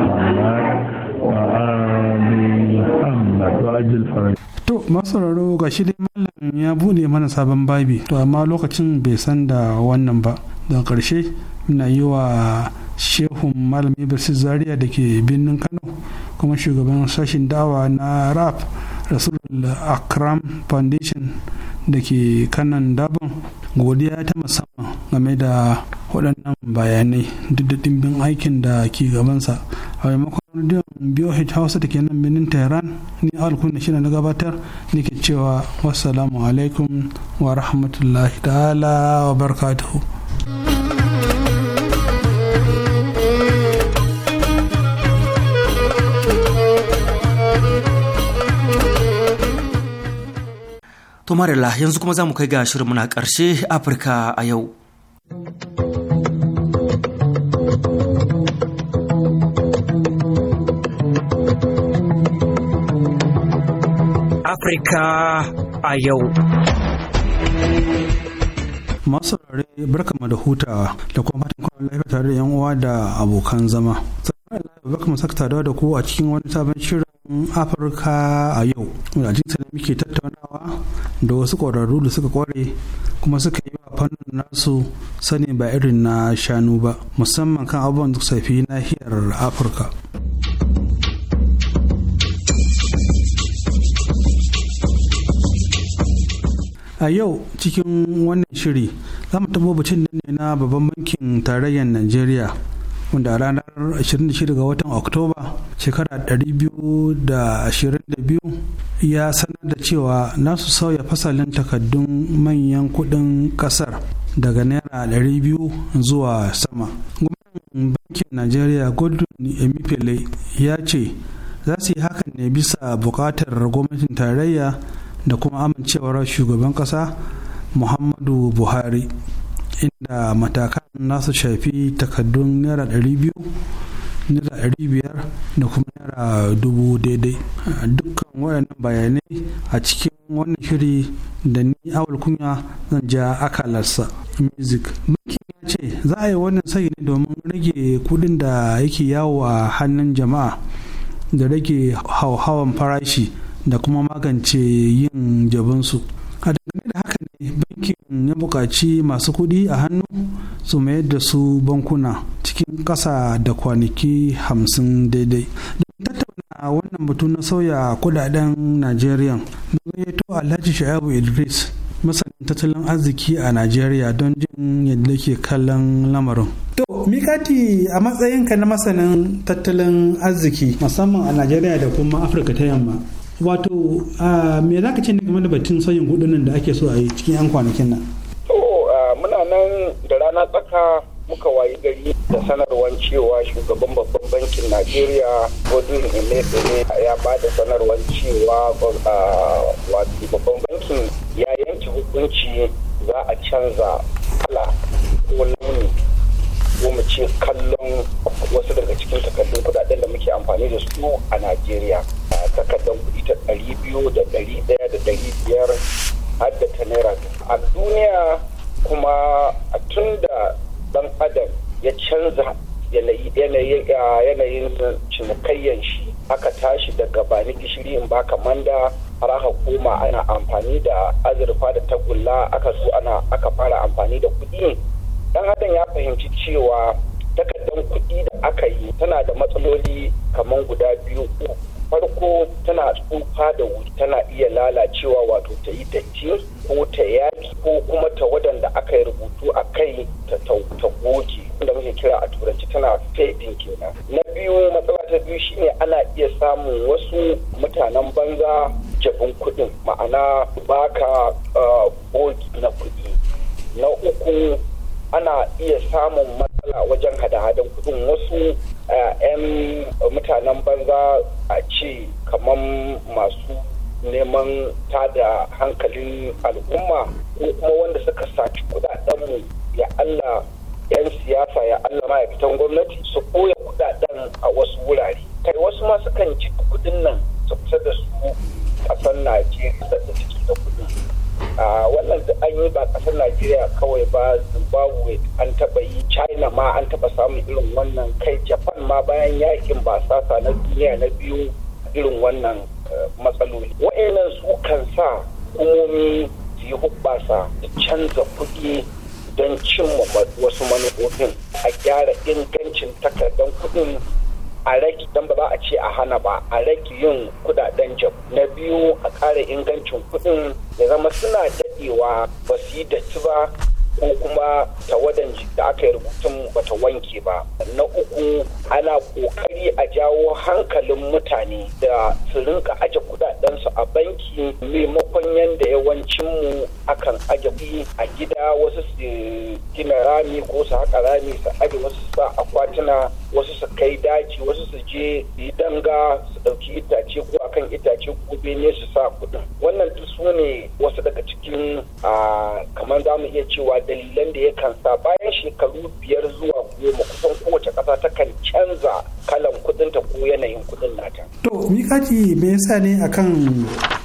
محمد وآل ga shi dai mallam ya bude mana sabon babi to amma lokacin bai san da wannan ba daga ƙarshe na yi wa shehun malam ibrahim zaria da ke birnin kano kuma shugaban sashen dawa na rap rasulul akram foundation da ke kanan dabon godiya ta musamman game da waɗannan bayanai duk da dimbin aikin da ke gabansa a maimakon rediyon BOH Hausa da ke nan birnin Tehran ni alkun da na gabatar nake cewa wassalamu alaikum wa rahmatullahi ta'ala wa barakatuhu. To Marilla yanzu kuma za mu kai ga shirin muna ƙarshe Afirka a yau. Afirka a yau. Masu saurare barkama da huta da kuma fatan kwanan lafiya tare da yan uwa da abokan zama. Sannan barkama saka taruwa da ku a cikin wani sabon shirin Afirka a yau. Wanda jinsa ne muke tattaunawa da wasu ƙwararru da suka ƙware kuma suka yi wa fannin nasu sani ba irin na shanu ba musamman kan abubuwan da safi nahiyar Afirka. a yau cikin wannan shiri za mu tabo bacin ne na babban bankin tarayyar najeriya wanda a ranar 26 ga watan oktoba shekara 222 ya sanar da cewa nasu sauya fasalin takaddun manyan kudin kasar daga naira 200 zuwa sama gwamnan bankin najeriya godwin emifele ya ce za su yi hakan ne bisa bukatar gwamnatin tarayya da kuma amincewar shugaban kasa muhammadu buhari inda matakan nasu shafi takaddun naira 200 naira 500 da kuma naira dubu daidai dukkan wayannan bayanai a cikin wannan shiri da ni awal kunya zan ja akalarsa music banki ya ce za a yi wannan sai ne domin rage kudin da yake yawo a hannun jama'a da rage hauhawan farashi da kuma magance yin jabinsu a dangane da haka ne bankin ya buƙaci masu kuɗi a hannu su mayar da su bankuna cikin ƙasa da kwanaki hamsin daidai tattauna wannan batu na sauya kudaden najeriya na gayyato alhaji sha'abu idris masanin tattalin arziki a nigeria don jin yadda ke kallon lamarin to mikati a matsayinka na masanin tattalin arziki musamman a nigeria da kuma afirka ta yamma wato me za ka ce game da batun sauyin nan da ake so a yi cikin 'yan kwanakin nan muna nan da rana tsaka muka wayi gari da sanarwar cewa shugaban babban bankin najeriya godin emefere ya ba da sanarwar cewa wato babban bankin ya yanke hukunci za a canza kala ko launi ko mu ce kallon wasu daga cikin takardun kudaden da muke amfani da su a najeriya a takardar kudi ta ɗari biyu da ɗari ɗaya da ɗari biyar har da ta naira a duniya kuma tun da ɗan adam ya canza yanayin cinikayyar shi aka tashi daga bani gishiri in baka manda har aka koma ana amfani da azurfa da tagulla aka so ana aka fara amfani da kuɗi dan adam ya fahimci cewa takardar kuɗi da aka yi tana da matsaloli kamar guda biyu farko tana tsufa da wuri tana iya lalacewa wato ta yi datti ko ta yaki ko kuma ta wadanda aka yi rubutu a kai ta ta goge da muke kira a turanci tana fading kenan na biyu matsala ta biyu shine ana iya samun wasu mutanen banza jabin kuɗin ma'ana baka bogi ah, na kuɗi na uku ana iya samun matsala wajen hada-hadan kudin wasu 'yan mutanen banza a ce kamar masu neman tada hankalin al'umma ko kuma wanda suka saci kudadenmu ya Allah 'yan siyasa ya Allah ma'aikatan gwamnati su koya kudaden a wasu wurare kai wasu ma sukan ci kudin nan su kusa da su kasan Najeriya da ciki da kudin a wannan da an yi ba kasar najeriya kawai ba zimbabwe an taba yi china ma an taba samun irin wannan kai japan ma bayan yakin ba sasa na duniya na biyu irin wannan eh, matsaloli wa'annan su kan sa hukumomi su yi hubbasa canza kuɗi don cimma wasu manufofin a gyara ingancin takardar kuɗin a rage don ba za a ce a hana ba a rage yin kudaden jab na biyu a ƙara ingancin kuɗin ya zama suna daɗewa ba su yi datti ba ko kuma tawadan da aka yi rubutun bata wanke ba na uku ana kokari a jawo hankalin mutane da su rinka aje kudadensu a banki maimakon yadda mu akan aje kuɗi a gida wasu su gina rami ko su haka rami su aje wasu sa akwatuna yi daji wasu su je yi danga su ɗauki itace ko akan itace gobe ne su sa kuɗin wannan duk su ne wasu daga cikin kamar za mu iya cewa dalilan da ya sa bayan shekaru biyar zuwa goma kusan kowace ƙasa ta kan canza kalan kuɗinta ko yanayin kuɗin nata. to mikaki me yasa ne akan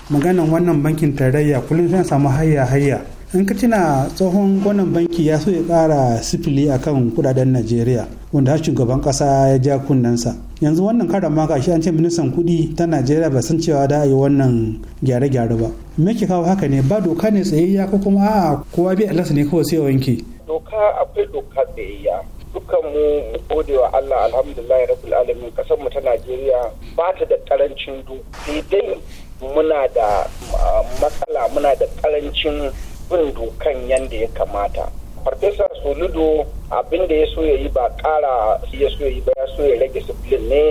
maganan wannan bankin tarayya kullum sai samu hayya hayya in ka tuna tsohon gwanan banki ya so ya kara sifili a kan kudaden najeriya wanda shugaban kasa ya ja kunnensa yanzu wannan karan ma gashi an ce ministan kuɗi ta najeriya ba san cewa da a yi wannan gyare-gyare ba me ke kawo haka ne ba doka ne tsayayya ko kuma a kowa bai alasa ne kawai sai wanke doka akwai doka tsayayya dukkan mu gode wa Allah alhamdulillah rabbil alamin kasar mu ta Najeriya ba ta da karancin du sai dai muna da ah, matsala muna da karancin bin dokan yadda ya kamata farfesa soludo abin da ya so ya yi ba kara ya so ya yi ba ya so ya rage sifilin ne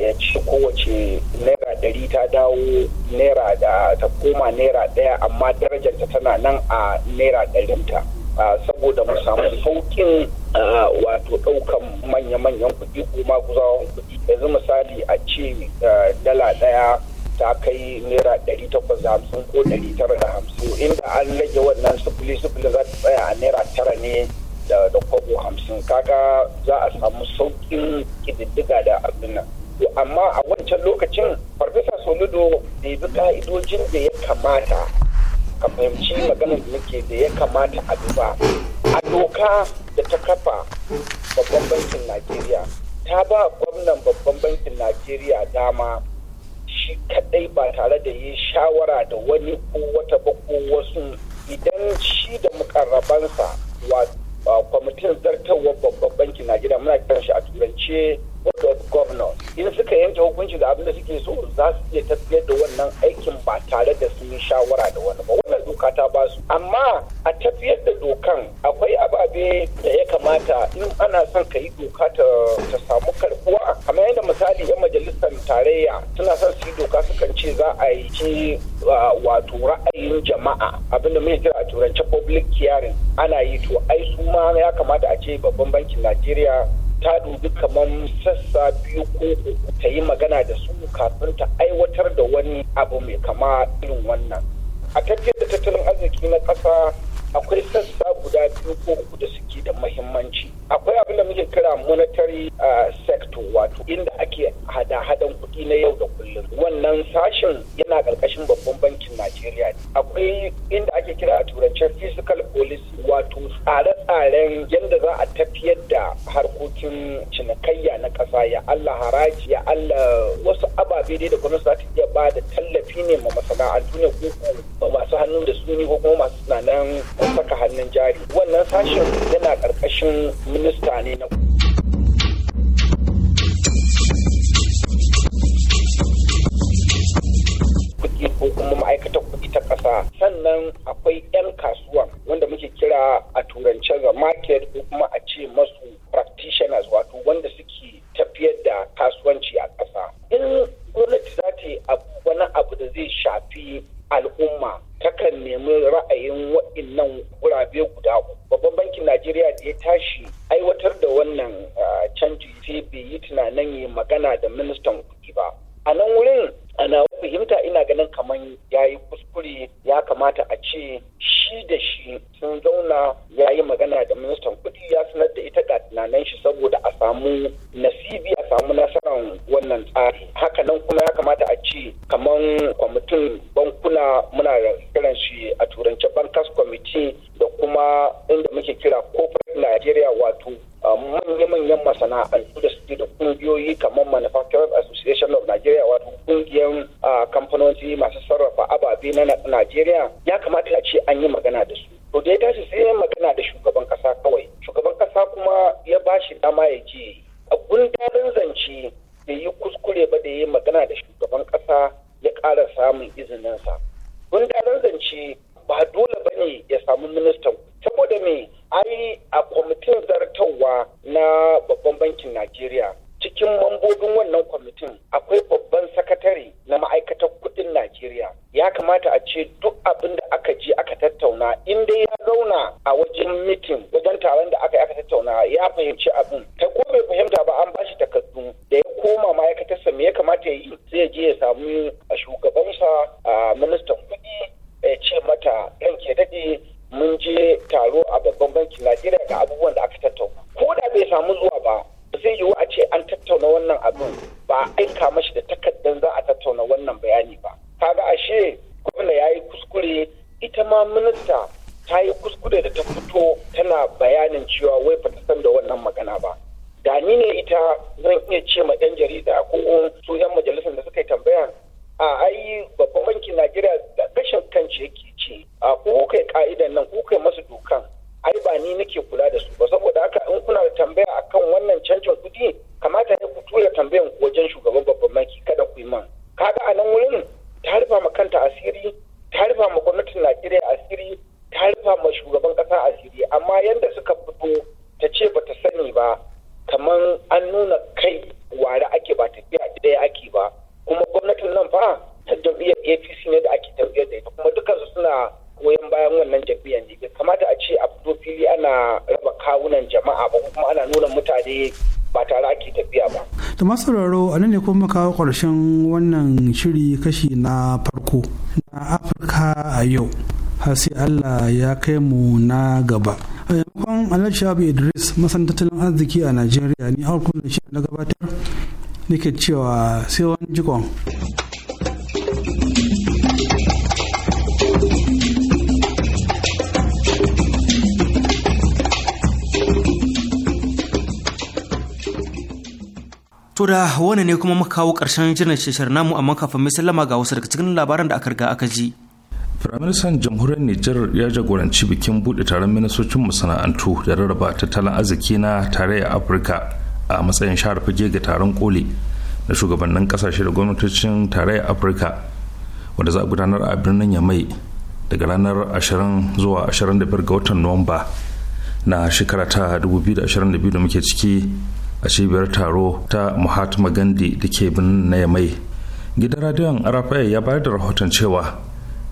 ya ci kowace naira ɗari ta dawo naira da ta koma naira ɗaya amma darajarta tana nan a naira ɗarinta saboda mu samu sauƙin wato ɗaukan manya-manyan kuɗi kuma kuzawan kuɗi yanzu misali a ce dala ɗaya ta kai naira ɗari takwas da hamsin ko ɗari tara da hamsin inda an rage wannan sifili sifili za ta tsaya a naira tara ne da da kwabo hamsin kaga za a samu sauƙin ƙididdiga da abin nan amma a wancan lokacin farfesa soludo bai bi ka'idojin da ya kamata ka fahimci maganar da nake da ya kamata a duba a doka da ta kafa babban bankin najeriya ta ba gwamnan babban bankin najeriya dama shi kadai ba tare da yi shawara da wani ko wata ba ko wasu idan shi da mukarrabansa wa kwamitin zartarwar babban bankin na gida muna kiran shi a turance board of governors in suka yanke hukunci da abin da suke so za su iya tafiyar da wannan aikin ba tare da sun yi shawara da wani ba doka ta ba su amma a tafiyar da dokan akwai ababe da ya kamata in ana son ka yi doka ta samu karbuwa kamar yadda misali yan majalisar tarayya suna son su yi doka sukan ce za a yi ce wato ra'ayin jama'a abinda mai kira a turance public hearing ana yi to ai su ma ya kamata a ce babban bankin najeriya ta dubi kamar sassa biyu ko ta yi magana da su kafin ta aiwatar da wani abu mai kama irin wannan a tafiyar da tattalin arziki na ƙasa akwai sassa guda biyu ko uku da suke da mahimmanci akwai abin da muke kira monetary ah, sector wato inda ake hada-hadan kuɗi na yau da kullum wannan sashen yana ƙarƙashin babban bankin najeriya akwai inda ake kira a turance physical policy wato tsare-tsaren yadda za a tafiyar da harkokin cinikayya na ƙasa ya allah haraji ya allah wasu ababe dai da gwamnati za ta iya ba da tallafi ne ma masana'antu ne ko masu hannu da su ne ko kuma masu tunanin saka hannun jari wannan sashen yana ƙarƙashin minista ne na kuɗi ko kuma ma'aikatar kuɗi ta ƙasa sannan akwai 'yan kasuwa wanda muke kira a turance ga market ko kuma a ce masu practitioners wato wanda suke tafiyar da kasuwanci a ƙasa in gwamnati za ta yi wani abu da zai shafi al'umma takan nemi ra'ayin waɗannan gurabe guda babban bankin najeriya da ya tashi aiwatar da wannan canji sai bai yi tunanin yi magana da ministan kuɗi ba a nan wurin ana fahimta ina ganin kamar ya yi kuskure ya kamata a ce shi da shi ka'idan nan kai masu sauraro a nan ne kuma kawo ƙarshen wannan shiri kashi na farko na afirka a yau har sai allah ya kai mu na gaba a yankon alhaji abu idris masan tattalin arziki a najeriya ne har kullum shi na gabatar nake cewa sai wani jikon da wani ne kuma muka kawo ƙarshen jiran shishar namu amma kafin mai sallama ga wasu daga cikin labaran da aka riga aka ji. Firaministan jamhuriyar Nijar ya jagoranci bikin buɗe taron ministocin masana'antu da rarraba tattalin arziki na tarayyar Afirka a matsayin share fage ga taron koli na shugabannin kasashe da gwamnatocin tarayyar Afirka wanda za a gudanar a birnin Yamai daga ranar 20 zuwa 25 ga watan Nuwamba na shekara ta 2022 da muke ciki a cibiyar taro ta mahatma gandhi da ke birnin na yamai gidan radiyon rfi ya bayar da rahoton cewa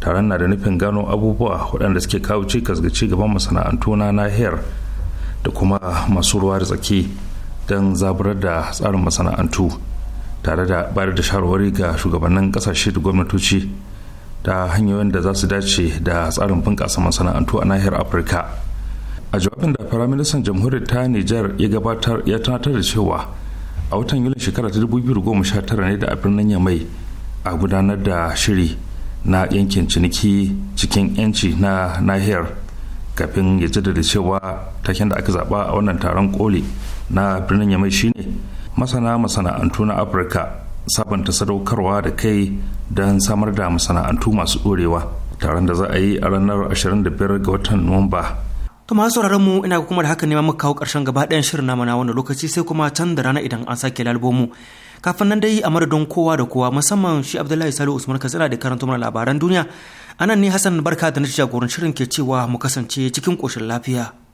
taron na da nufin gano abubuwa waɗanda suke kawo cikas ga cigaban masana'antu na nahiyar da kuma masu ruwa da tsaki don zaburar da tsarin masana'antu tare da bayar da shawarwari ga shugabannin ƙasashe da gwamnatoci ta hanyoyin da za su dace da tsarin bunƙasa masana'antu a nahiyar afirka a jawabin da firaministan jamhuriyar ta nijar ya gabatar ya tunatar da cewa a watan yulin shekara ta tara ne da a birnin yamai a gudanar da shiri na yankin ciniki cikin yanci na nahiyar kafin ya jaddada cewa taken da aka zaba a wannan taron koli na birnin yamai shine masana masana'antu na afirka sabanta sadaukarwa da kai don samar da masana'antu masu ɗorewa taron da za a yi a ranar 25 ga watan nuwamba To masu sauraron mu ina kuma da haka ne muka kawo ƙarshen gaba ɗayan shirin namu na wannan lokaci sai kuma can da rana idan an sake lalbo mu. Kafin nan dai a madadin kowa da kowa musamman shi Abdullahi Salihu Usman Katsina da karanta mana labaran duniya. Anan ne Hassan Barka da na jagoran shirin ke cewa mu kasance cikin koshin lafiya.